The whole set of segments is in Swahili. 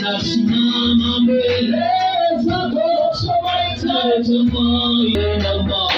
Nasimama mbele zako, somaita zako, yena mbao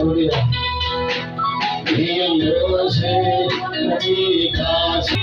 ছড়িয়া নীল রোষে নদী কাছে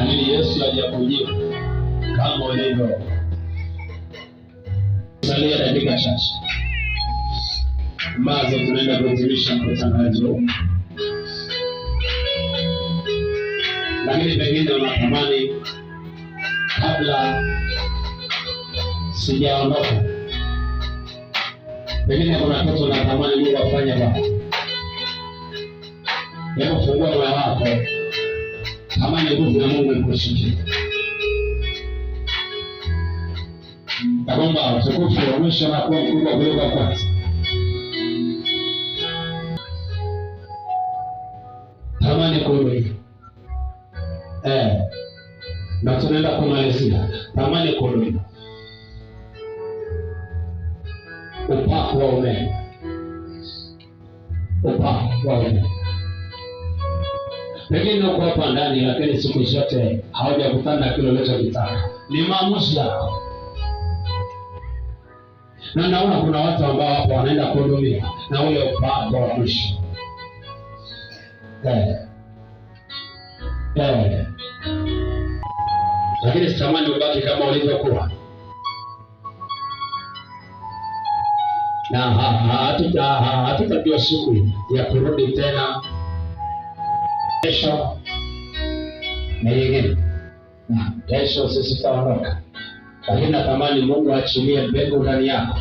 Lakini Yesu aliyakujibu kama ulivyo. Salia dakika chache ambazo tunaenda kuhitimisha mkutangazo, lakini pengine unatamani kabla sijaondoka, pengine kuna kitu unatamani Mungu afanye Baba, Hebu fungua moyo wako. Kama ni nguvu ya Mungu ikushike. Na kwamba utukufu wa mwisho unakuwa mkubwa kuliko kwanza. Tamani kurudi. Eh. Na tunaenda kumalizia. Tamani kurudi. Upako wa umeme. Upako wa umeme. pengine uko hapa ndani, lakini siku zote hawajakutana na kile ulichokitaka. Ni maamuzi yako, na naona kuna watu ambao hapo wanaenda kuhudumia na huyo baba wa mwisho eh. Eh. lakini sitamani ubaki kama ulivyokuwa, na hatutajua siku ya kurudi tena Kesho na nyingine na kesho, sisi tutaondoka, lakini natamani Mungu aachilie mbegu ndani yako.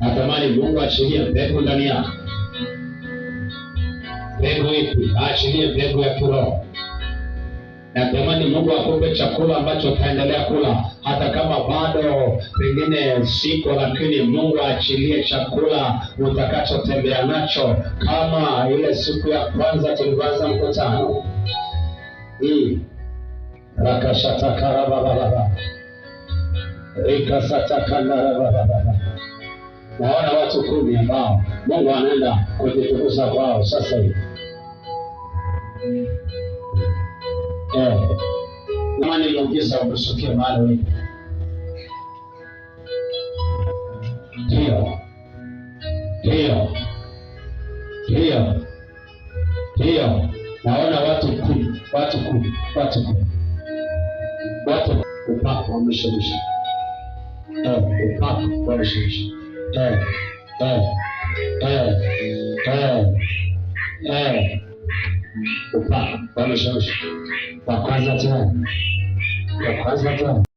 Natamani Mungu aachilie mbegu ndani yako. Mbegu ipi? Aachilie mbegu ya kiroho. Natamani Mungu akupe chakula ambacho utaendelea kula hata kama bado pengine siko, lakini Mungu aachilie chakula utakachotembea nacho, kama ile siku ya kwanza tulivyoanza mkutano hmm. rakashatakarababaraba rikasatakanarababaraba naona watu kumi ambao Mungu anaenda kujitukuza kwao sasa hivi eh, imani iliongeza umesokia mahali wewe ndio ndio ndio ndio naona watu kumi watu kumi watu kumi watu upako wameshemsha eh, upako wameshemsha eh, eh, upako wameshemsha Tá quase atirando. Tá quase atirando.